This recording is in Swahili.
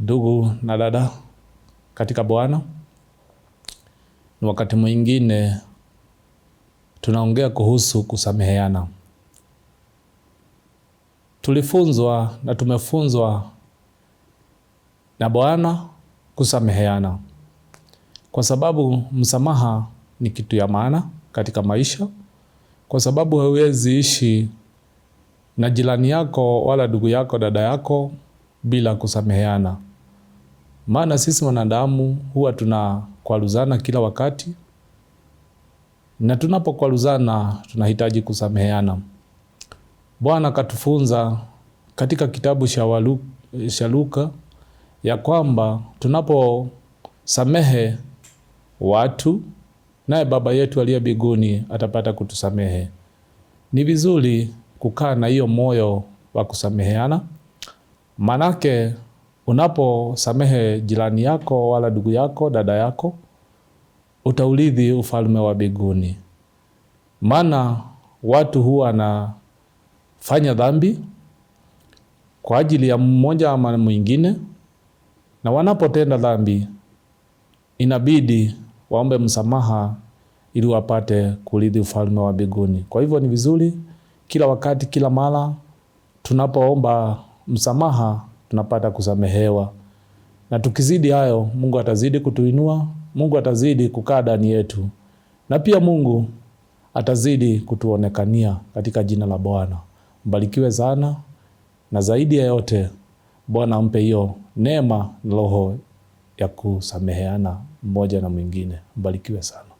Ndugu na dada katika Bwana, ni wakati mwingine tunaongea kuhusu kusameheana. Tulifunzwa na tumefunzwa na Bwana kusameheana, kwa sababu msamaha ni kitu ya maana katika maisha, kwa sababu hauwezi ishi na jirani yako wala ndugu yako dada yako bila kusameheana. Maana sisi wanadamu huwa tunakwaruzana kila wakati, na tunapokwaruzana tunahitaji kusameheana. Bwana akatufunza katika kitabu cha Luka ya kwamba tunaposamehe watu naye Baba yetu aliye mbinguni atapata kutusamehe. Ni vizuri kukaa na hiyo moyo wa kusameheana Manake unaposamehe jirani yako wala ndugu yako dada yako, utaurithi ufalme wa mbinguni. Maana watu huwa anafanya dhambi kwa ajili ya mmoja ama mwingine, na wanapotenda dhambi inabidi waombe msamaha ili wapate kurithi ufalme wa mbinguni. Kwa hivyo ni vizuri kila wakati, kila mara tunapoomba msamaha, tunapata kusamehewa, na tukizidi hayo, Mungu atazidi kutuinua, Mungu atazidi kukaa ndani yetu, na pia Mungu atazidi kutuonekania katika jina la Bwana. Mbarikiwe sana, na zaidi ya yote Bwana ampe hiyo neema na roho ya kusameheana mmoja na mwingine. Mbarikiwe sana.